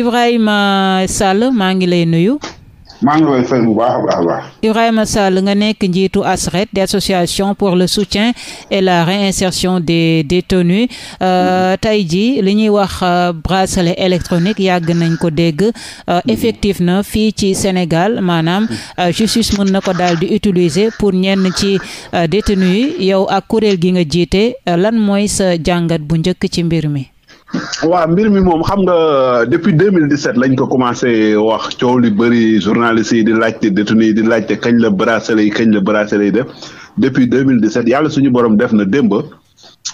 Ibrahima Sall maa ngi lay nuyu. maa Sall nga nekk njiitu ASRED di association pour le soutien et la réinsertion des détenus euh, tey jii li ñuy wax euh, bracelet électronique yàgg nañ ko dégg euh, effectif na fii ci Sénégal maanaam justice mën na ko daal di utiliser pour ñenn ci détenu yi yow ak kuréel gi nga jiite lan mooy sa jàngat bu njëkk ci mbir mi. waaw mbir mi moom xam nga depuis mille 2017 lañ ko commencé wax coow li bëri journalistes yi di laajte détenus yi di laajte kañ la bracelet yi kañ la bracelet yi def depuis deux mille 2017 yàlla suñu borom def na démb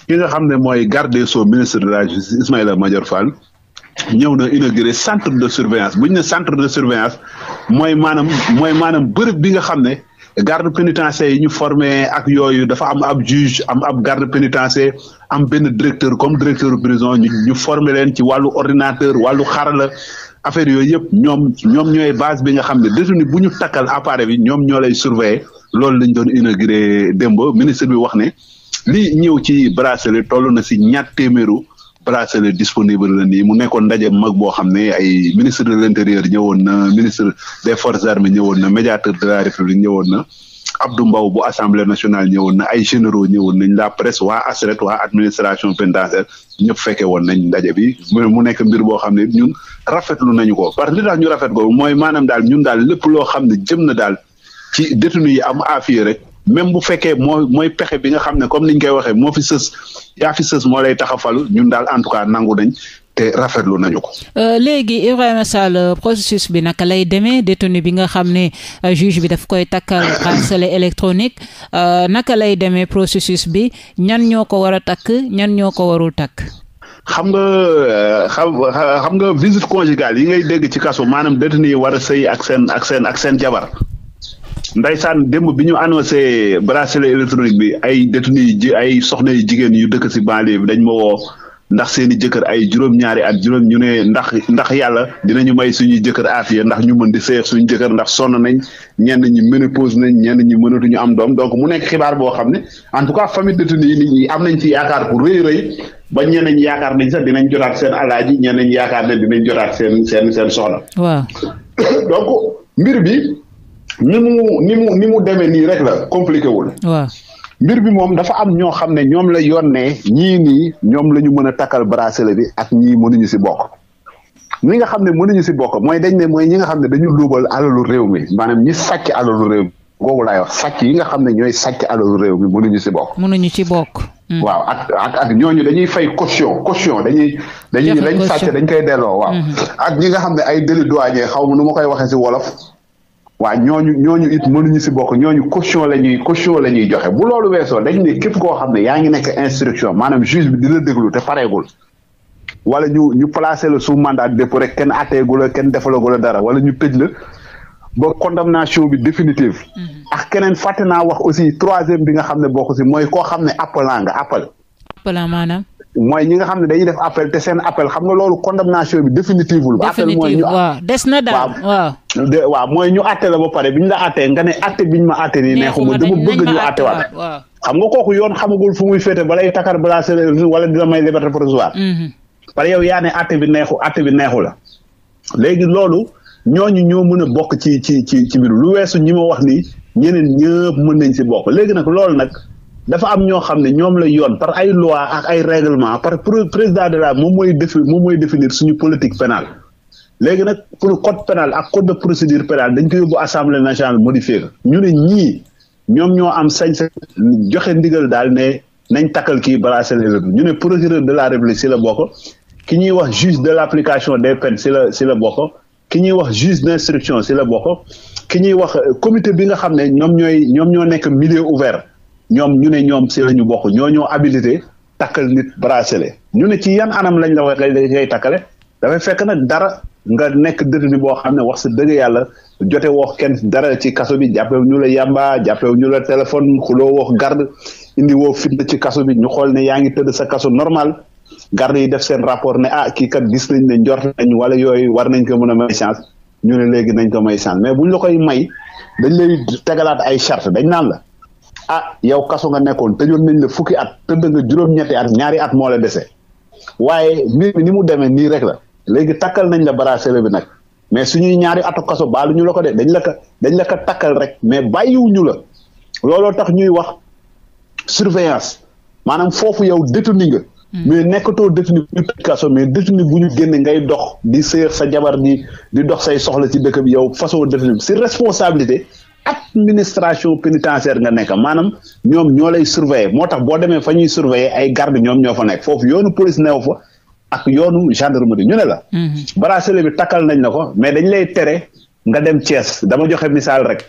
ki nga xam ne mooy garde des sceaux ministre de la justice Ismaïla Madior Fall ñëw na inauguré centre de surveillance bu ñu ne centre de surveillance mooy maanaam mooy maanaam bërëb bi nga xam ne garde pénitentiaire yi ñu formé ak yooyu dafa am ab juge am ab garde pénitentiaire am benn directeur comme directeur prison ñu ñu formé leen ci wàllu ordinateur wàllu xarala affaire yooyu yëpp ñoom ñoom ñooy base bi nga xam ne détenu bu ñu takkal appareil bi ñoom ñoo lay surveiller loolu lañ doon inauguré démb ministre bi wax ne li ñëw ci bracelet toll na si ñaar téeméeru bracelet disponible la nii mu nekkoon ndaje mag boo xam ne ay ministre de l'intérieur ñëwoon na ministre des forces armées ñëwoon na médiateur de la république ñëwoon na Abdou Mbow bu assemblée nationale ñëwoon na ay généraux ñëwoon nañ la presse waa ASRED waa administration pénitentiaire ñëpp fekke woon nañ ndaje bi mu nekk mbir boo xam ne ñun rafetlu nañu ko parce que li tax ñu rafet ko mooy maanaam daal ñun daal lépp loo xam ne jëm na daal ci détenu yi am affaire rek même bu fekkee moo mooy pexe bi nga xam ne comme ni ñu koy waxee moo fi sës yaa fi sës moo lay tax falu ñun daal en tout cas nangu nañ te rafetlu nañu ko. Euh, léegi Ibrahima Sall processus bi naka lay demee détenu bi nga xam ne euh, juge bi daf koy takkal bracelet électronique euh, naka lay demee processus bi ñan ñoo ko war a takk ñan ñoo ko warul takk. xam nga xam nga visite conjugale yi ngay dégg ci kaso maanaam détenu yi war a sëy ak seen ak seen ak seen jabar. ndaysaan démb bi ñu annoncé bracelet électronique bi ay ay soxna yu jigéen yu dëkk si banlieue dañ ma woo ndax seen i ay juróom-ñaari at juróom ñu ne ndax ndax yàlla dinañu may suñuy jëkkër aafiya ndax ñu mën di seex suñu jëkkër ndax sonn nañ ñenn ñi ménopause nañ ñenn ñi mënatuñu am doom donc mu nekk xibaar boo xam ne en tout cas famille détenu yi nit ñi am nañ ci yaakaar bu rëy rëy ba ñeneen ñi yaakaar nañ sax dinañ jotaat seen alaaji ñeneen ñi yaakaar ne dinañ jotaat seen seen seen soxna. waaw donc mbir bi. ni mu ni mu ni mu demee nii rek la compliqué wul. waaw mbir bi moom dafa am ñoo xam ne ñoom la ne ñii nii ñoom lañu mën a takkal bracelet bi ak ñii mënuñu si bokk. ñi nga xam ne mënuñu si bokk mooy dañ ne mooy ñi nga xam ne dañu luubal alalu réew mi maanaam ñi sàcc alalu réew mi googu laay wax sàcc yi nga xam ne ñooy sàcc alalu réew mi mënuñu si bokk. mënuñu si bokk. Hmm. waaw ak ak ak ñooñu dañuy fay caution caution dañuy. dañuy lañ sàcc dañ koy delloo waaw. Hmm. ak ñi nga xam ne ay délit douanier xaw ma nu ma koy waxee si wolof. waa ñooñu ñooñu it mënuñu si bokk ñooñu caution la ñuy caution la ñuy joxe bu loolu weesoo dañ ne képp koo xam ne yaa ngi nekk instruction maanaam juge bi dina déglu te pareegul wala ñu ñu placé la sous mandat de rek kenn atteegu la kenn defalagu la dara wala ñu tëj la ba condamnation bi définitive. Mm-hmm. ak keneen fàtte naa wax aussi troisième bi nga xam ne bokk si mooy koo xam ne appelant nga appel. appelant maanaam. mooy ñi nga xam ne dañuy def appel te seen appel xam nga loolu condamnation bi définitive wul. appel mooy ñu waaw des na daal waaw. mooy ñu àtte la ba pare bi ñu la àttee nga ne àtte bi ñu ma àtte nii bëgg ñu àtte xam nga kooku yoon xamagul fu muy féete wala ay takar balaa wala dina may liberté provisoire. Mm-hmm. pare yow yaa ne bi neexu la léegi loolu ñooñu ñoo mën a bokk ci ci ci ci biir lu weesu ñi ma wax nii ñeneen ñëpp mën nañ si bokk léegi nag loolu nag dafa am ñoo xam ne ñoom la yoon par ay loi ak ay règlement par président de la moom mooy défi moom mooy définir suñu politique pénale léegi nag pour code pénal ak code de procédure pénale dañ ko yóbbu assemblée nationale modifié ñu ne ñii ñoom ñoo am sañ-sañ joxe ndigal daal ne nañ takkal kii bracelet électronique ñu ne procureur de la république si la bokk ki ñuy wax juge de l' application des peines si la si la bokk ki ñuy wax juge d' si la bokk ki ñuy wax comité bi nga xam ne ñoom ñooy ñoom ñoo nekk milieu ouvert ñoom ñu ne ñoom si la ñu bokk ñoo ñoo habilité takkal nit bracelet ñu ne ci yan anam lañ la wax lay takkale dafay fekk nag dara nga nekk détenu boo xam ne wax sa dëgg yàlla jote wax kenn dara ci kaso bi ñu la yàmba jàppewu ñu la téléphone xuloo wax garde indi woo fitna ci kaso ñu xool ne yaa ngi tëdd sa kaso normal garde yi def seen rapport ne ah kii kat gis nañ ne njort nañ wala yooyu war nañ ko mën a may chance ñu ne léegi nañ ko may chance mais buñ la koy may dañ lay tegalaat ay charte dañ naan la ah yow kaso nga nekkoon tëjoon nañ la fukki at tëdd nga juróom-ñetti at ñaari at moo la dese waaye mbir ni mu demee nii rek la léegi takkal nañ la bracelet bi nag mais suñuy ñaari atu kaso baalu ñu la ko de dañ la ko dañ la ko takkal rek mais bàyyiwuñu la looloo tax ñuy wax surveillance maanaam foofu yow ni nga. Hmm. mais nekkatoo détenu bu ñu bu ñu génnee ngay dox di séer sa jabar di di dox say soxla ci dëkk bi yow façon détenu si responsabilité administration pénitentiaire nga nekk maanaam ñoom ñoo lay surveiller moo tax boo demee fa ñuy surveiller ay garde ñoom ñoo fa nekk foofu yoonu police new fa ak yoonu gendarmerie ñu ne la. Mhm. bracelet bi takkal nañ la ko mais dañ lay tere nga dem Thiès dama joxe misaal rek.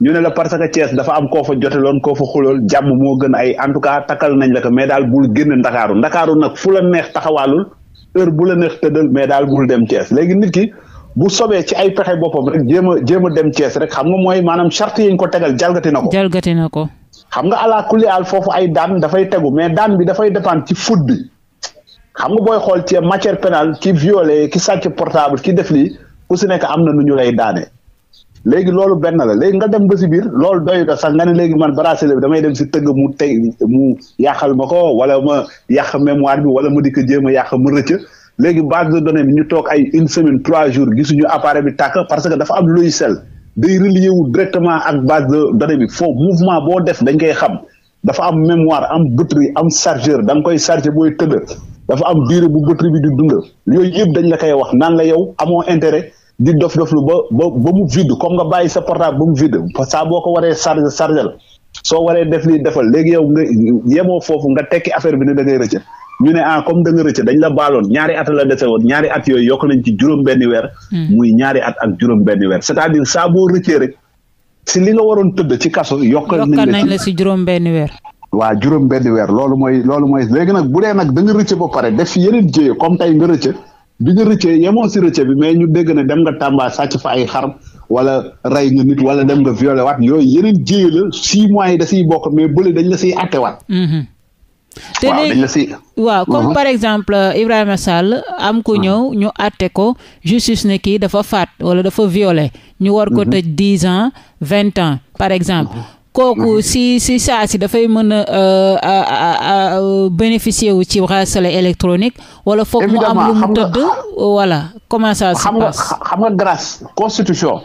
ñu ne la parce dafa am koo fa joteloon koo fa xulool jàmm moo gën tout cas takkal nañ la ko mais daal bul génn Ndakaaru Ndakaaru nag fu la neex taxawaalul heure bu la neex tëddal mais daal bul dem Thiès léegi nit ki. bu sobee ci ay pexe boppam rek jéem a jéem a dem Thiès rek xam nga mooy maanaam charte yi ñu ko tegal jalgati na ko. jalgati na ko. xam nga ala kulli al foofu ay daan dafay tegu mais daan bi dafay dépendre ci foot xam nga booy xool ci matière pénale ki violé ki sàcc portable ki def lii ku si nekk am na nu ñu lay daane. léegi loolu benn la léegi nga dem ba si biir loolu doyu ko sax nga ne léegi man bracelet bi damay dem si tëgg mu tey mu yàqal ma ko wala ma yàq mémoire bi wala mu dikk ko jéem a yàq mu rëcc. léegi base de done bi ñu toog ay une semaine trois jours gisuñu appareil bi tàkk parce que dafa am logiciel day relier wu directement ak base de données bi foofu mouvement boo def dañ koy xam dafa am mémoire am batterie am chargeur da nga koy charger booy tëdd dafa am durée bu batterie bi di dund yooyu yëpp dañ la koy wax naan la yow amoo intérêt di dof doflu ba ba ba mu vide comme nga bàyyi sa portable ba mu vide saa boo ko waree charger charger la soo waree def defal léegi yow nga yemoo foofu nga tekki affaire bi ne da ngay ñu ne ah comme da nga rëcc dañ la baaloon ñaari at la dese woon ñaari at yooyu yokk nañ ci juróom benn weer hmm. muy ñaari at ak juróom benn weer c'est-à-dire saa boo rëccee si li nga waroon tëdd ci kaso yokkal nañ la si juróom benn weer waa juróom benn weer loolu mooy loolu mooy léegi nag bu dee nag da nga rëcc ba pare def yeneen jéye comme tey nga rëcc bi nga rëccee yemoo si rëcc bi mais ñu dégg na dem nga Tamba sàcc fa ay xar wala rey nga nit wala dem nga violé waat yooyu yeneen jéye la six mois yi da siy bokk mais bële dañ la siy attewaat hmm, hmm. te léegi waaw comme mhm. par exemple euh, Ibrahima Sall am ko mhm. ñëw ñu àtte ko justice ne kii dafa faat wala dafa violé ñu war ko mhm. tëj dix ans vingt ans par exemple kooku si si si dafay mën a euh, euh, bénéficier wu ci bracelet électronique wala foog mu am lu mu tëdd voilà comment ça passe xam nga grâce constitution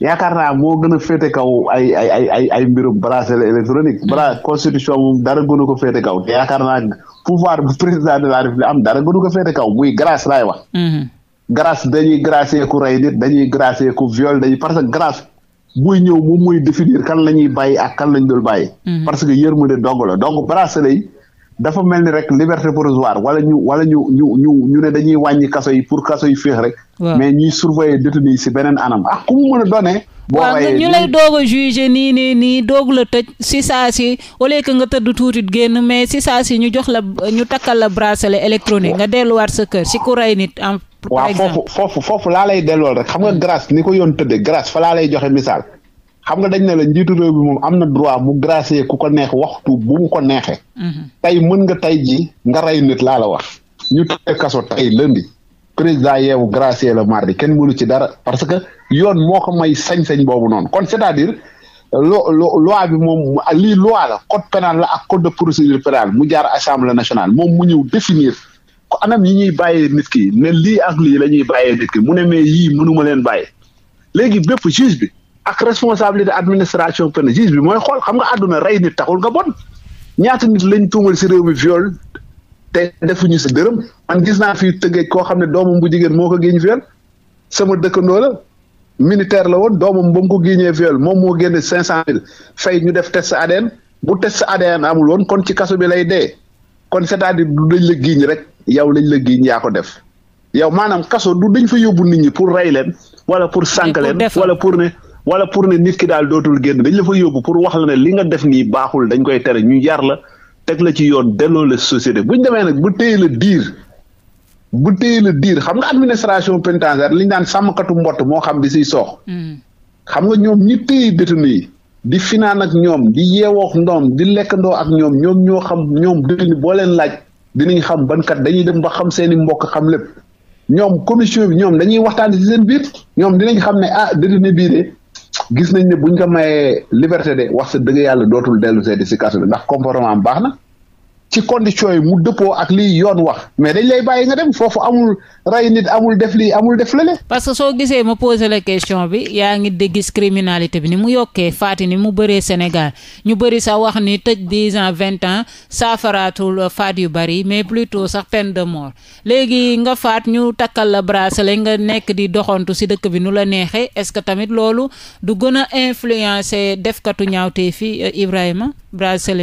yaakaar naa moo gën a féete kaw ay ay ay ay ay mbirum bracelet électronique. Hmm. bra constitution moom dara gënu ko féete kaw te yaakaar naa pouvoir bu président de la république am dara gënu ko féete kaw muy grâce laay wax. Hmm. grâce dañuy gracier ku rey nit dañuy gracier ku viol dañuy parce que grâce buy ñëw moom muy définir kan la ñuy bàyyi ak kan lañ dul bàyyi. Hmm. parce que yërmande dong la donc bracelet dafa mel ni rek liberté provisoire wala ñu wala ñu ñu ñu ñu ne dañuy wàññi kaso yi pour kaso yi féex rek. mais ñuy surveiller détenu yi si beneen anam ah ku mën a doonee. boo nga ñu lay doog a nii nii nii doogu la tëj si saa si au lieu nga tëdd tuuti génn mais si saa si ñu jox la ñu takkal la bracelet électronique nga delluwaat sa kër si ku rey nit am. par exemple foofu foofu laa lay dellool rek xam nga grâce ni ko yoon tëddee grâce fa laa lay joxe misaal. xam nga dañ ne la njiitu réew bi moom am na droit mu gracier ku ko neex waxtu bu mu ko neexee. Mhm. tey mën nga tey ji nga rey nit laa la wax. ñu tëj kaso tey lundi président yeewu gracier la mardi kenn mënu ci dara parce que yoon moo ko may sañ-sañ boobu noonu kon c'est-à-dire lo lo loi bi moom lii loi la code pénal la ak code de procédure pénale mu jaar assemblée nationale moom mu ñëw définir. ko anam yi ñuy bàyyee nit ki ne lii ak lii la ñuy bàyyee nit mu ne mais yii mënuma leen bàyyee léegi bépp juge bi. ak responsabilité administration pénale juge bi mooy xool xam nga àdduna rey nit taxul nga bon ñaata nit lañ tuumal si réew mi viol te defuñu si dërëm man gis naa fii tëggeej koo xam ne doomam bu jigéen moo ko géeñ viol sama dëkkandoo la militaire la woon doomam ba mu ko géeñee moom moo génne cinq cent mille fay ñu def test ADN bu test ADN amul woon kon ci kaso bi lay dee kon c'est-à-dire du dañ la giiñ rek yow lañ la giiñ yaa ko def yow maanaam kaso du dañ fa yóbbu nit ñi pour rey leen wala pour sànk leen wala pour ne wala pour ne nit ki daal dootul génn dañ la fa yóbbu pour wax la ne li nga def nii baaxul dañ koy tere ñu yar la teg la ci yoon delloo la société bu ñu demee nag bu téye la diir bu téye la diir xam nga administration pénitentiaire li ñu daan sàmmkatu mbott moo xam di siy soox. Hmm. xam nga ñoom ñi téye détenu yi di finaan ak ñoom di yeewoox ndoom di lekkandoo ak ñoom ñoom ñoo xam ñoom détenu boo leen laaj dinañ xam bankat dañuy dem ba xam seeni mbokk xam lépp ñoom commission bi ñoom dañuy waxtaan ci seen biir ñoom dinañ xam ne ah détenu bii de gis nañ ne buñ ko mayee liberté de wax sa dëgg yàlla dootul dellu seeti si kaso ndax comportement am baax na ci condition yi mu dëppoo ak lii yoon wax mais dañ lay bàyyi nga dem foofu amul rey nit amul def lii amul def la parce que soo gisee ma posé la question bi yaa ngi di gis criminalité bi ni mu yokkee faati ni mu bëree Sénégal ñu bëri sax wax ni tëj dix ans vingt ans saafaraatul faat yu bari mais plutôt sax peine de mort léegi nga faat ñu takkal la bracelet nga nekk di doxantu si dëkk bi nu la neexee est-ce que tamit loolu du gën a influencer defkatu ñaawtee fi euh, Ibrahima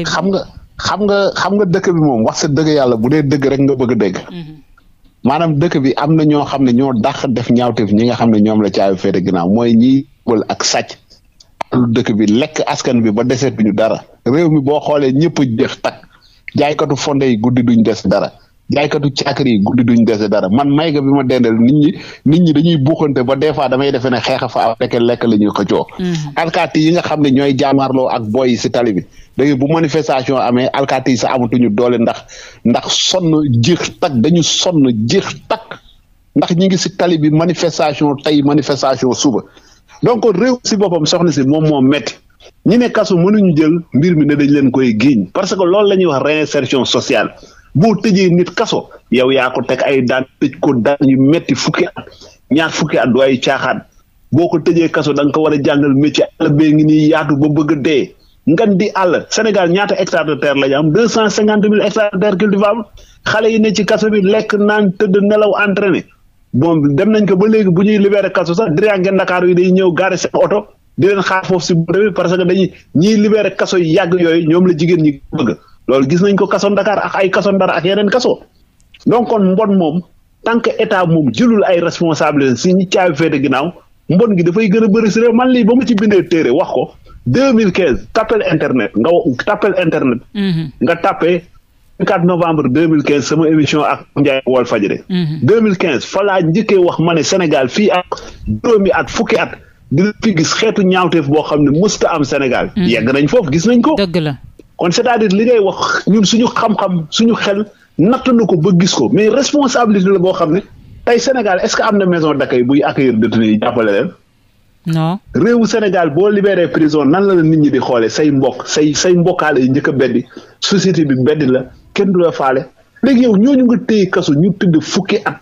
xam nga xam nga xam nga dëkk bi moom wax sa dëgg yàlla bu dee dëgg rek nga bëgg a dégg. Mhm. maanaam dëkk bi am na ñoo xam ne ñoo dàq def ñaawteef ñi nga xam ne ñoom la caabi féete ginnaaw mooy ñiy bël ak sàcc lu dëkk bi lekk askan bi ba deseetuñu dara réew mi boo xoolee ñëpp jeex takk jaaykatu fonde yi guddi duñu des dara jaaykatu caakiri yi guddi duñ dese dara man may ga bi ma dendeel nit ñi nit ñi dañuy buuxante ba des fois damay defe ne xeex fa am fekk lekk la ñuy xëccoo mm-hmm. alkaati yi nga xam ne ñooy jaamaarloo ak boy yi si tali bi léegi bu manifestation amee alkaati yi sa amatuñu doole ndax ndax sonn jeex tak dañu sonn jeex takk ndax ñi ngi si tali bi manifestation tey manifestation suba donc réew si boppam soxna si moom moom métti ñi ne kasu mënuñu jël mbir mi ne dañ leen koy giiñ parce que loolu la ñuy wax réinsertion sociale boo tëjee nit kaso yow yaa ko teg ay daan tëj ko daan yu metti fukki at ñaar fukki at du ay caaxaan boo ko tëjee kaso da ko war a jàngal métier àll bee ngi ni yaatu ba bëgg dee ngan di àll Sénégal ñaata hectares de terre la am deux cent cinquante mille hectares de xale yi ne ci kaso bi lekk naan tëdd nelaw entraîné bon dem nañ ko ba léegi bu ñuy libéré kaso sax diriange Ndakaaru yi day ñëw gaare seen oto di leen xaar foofu si bu parce que dañuy ñiy libéré kaso yàgg yooyu ñoom la jigéen ñi bëgg loolu gis nañ ko kaso Dakar ak ay kaso Ndar ak yeneen kaso donc kon mbon moom tant que état moom jëlul ay responsable si ñi caabi féete ginnaaw mbon gi dafay gën a bëri si réew man lii ba mu ci bindee téere wax ko 2015 tapel internet nga tapel internet. Mm-hmm. nga tapé 4 novembre 2015 sama émission ak Ndiaye Walfadjri. 2015 mm-hmm. fa laa njëkkee wax ma ne Sénégal fii ak juróomi at fukki at dina fi gis xeetu ñaawteef boo xam ne mësta am Sénégal. Mm-hmm. yegg nañ foofu gis nañ ko. dëgg la. on c'est-à-dire li ngay wax ñun suñu xam-xam suñu xel natt na ko ba gis ko mais responsabilité la boo xam ne tey Sénégal est-ce que am na maison d'accueil buy accueillir détenus yi jàppale leen. non réewu Sénégal boo libéré prison nan la la nit ñi di xoolee say mbokk say say mbokkaale yi njëkk a beddi société bi beddi la kenn du la faale léegi yow ñu nga téye kaso ñu tëdd fukki at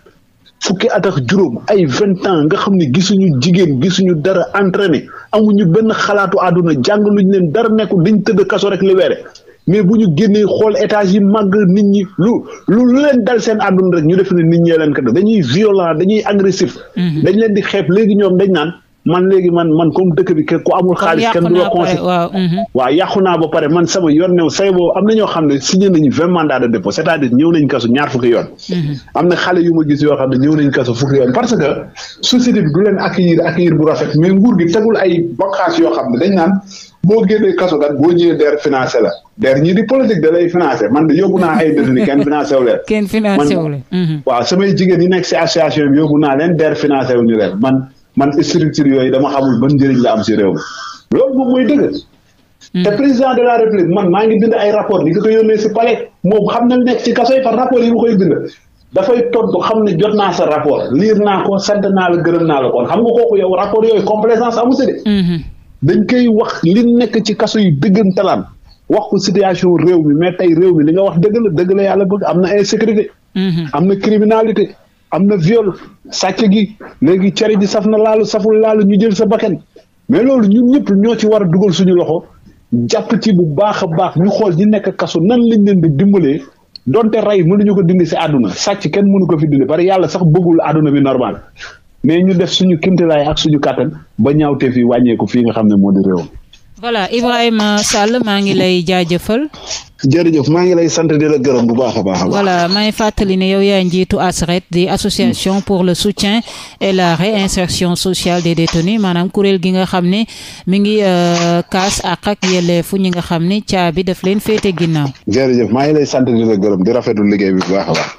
fukki at ak juróom ay vingt ans nga xam ne gisuñu jigéen gisuñu dara entraîné amuñu benn xalaatu àdduna jàng luñ leen dara nekkul dañ tëdd kaso rek libéré mais bu ñu génnee xool étage yi màgg nit ñi lu lu lu leen dal seen àdduna rek ñu def ne nit ñee leen ko dañuy violent dañuy agressif. Mm-hmm. dañ leen di xeeb léegi ñoom dañ naan. man léegi man man comme dëkk bi ku amul xaalis kenn du la conseil mhm. waaw yàqu naa ba pare man sama yoon new say boobu am na ñoo xam ne signé ñëw nañ kasu fukki yoon mhm. ma gis yoo xam ne ñëw nañ kasu fukki yoon parce que société bi du leen accueillir accueillir bu rafet mais nguur gi tegul ay bokkaas yoo xam ne dañ naan boo génnee kaso kat boo ñëwee DER financé la DER ñii di politique da lay man de yóbbu naa ay détenu kenn financé leen. kenn financé leen. Mhm. waaw samay jigéen ñi nekk si association bi yóbbu man structure yooyu dama xamul ban njëriñ la am si réew mi loolu moom mooy dëgg. Hmm. te président de la république man maa ngi bind ay rapport di ko yónnee si palais moom xam na nekk ci kaso yi par rapport yi ma koy bind. dafay tontu ne sa rapport liir naa ko xam nga kooku yow rapport yooyu complaisance hmm. wax li nekk ci kaso yi dëggantalaan wax ko situation réew mi mais tey réew mi li nga wax dëgg la dëgg la yàlla bëgg am na insécurité. Hmm. am na criminalité. am na viol sàcc gi léegi cere ji saf na laalu saful laalu ñu jël sa bakkan mais loolu ñun ñëpp ñoo ci war a dugal suñu loxo jàpp ci bu baax a baax ñu xool ñi nekk kaso nan lañ leen di dimbalee donte rey mënuñu ko dindi si àdduna sàcc kenn mënu ko fi dindi bari yàlla sax bëggul àdduna bi normal mais ñu def suñu kimtilaay ak suñu kàttan ba ñaawte fi wàññeeku fii nga xam ne moo di réew voilà Ibrahima Sall maa ngi lay jaajëfal jërëjëf maa ngi lay sant di la gërëm bu baax a baax a baax. voilà may fàttali ne yow yaay njiitu ASRED di association mm. pour le soutien et la réinsertion sociale des détenus maanaam kuréel gi nga xam ne mi ngi euh, kaas àq ak fu ñi nga xam ne caabi daf leen féete ginnaaw. jërëjëf maa ngi sant di la liggéey bi bu a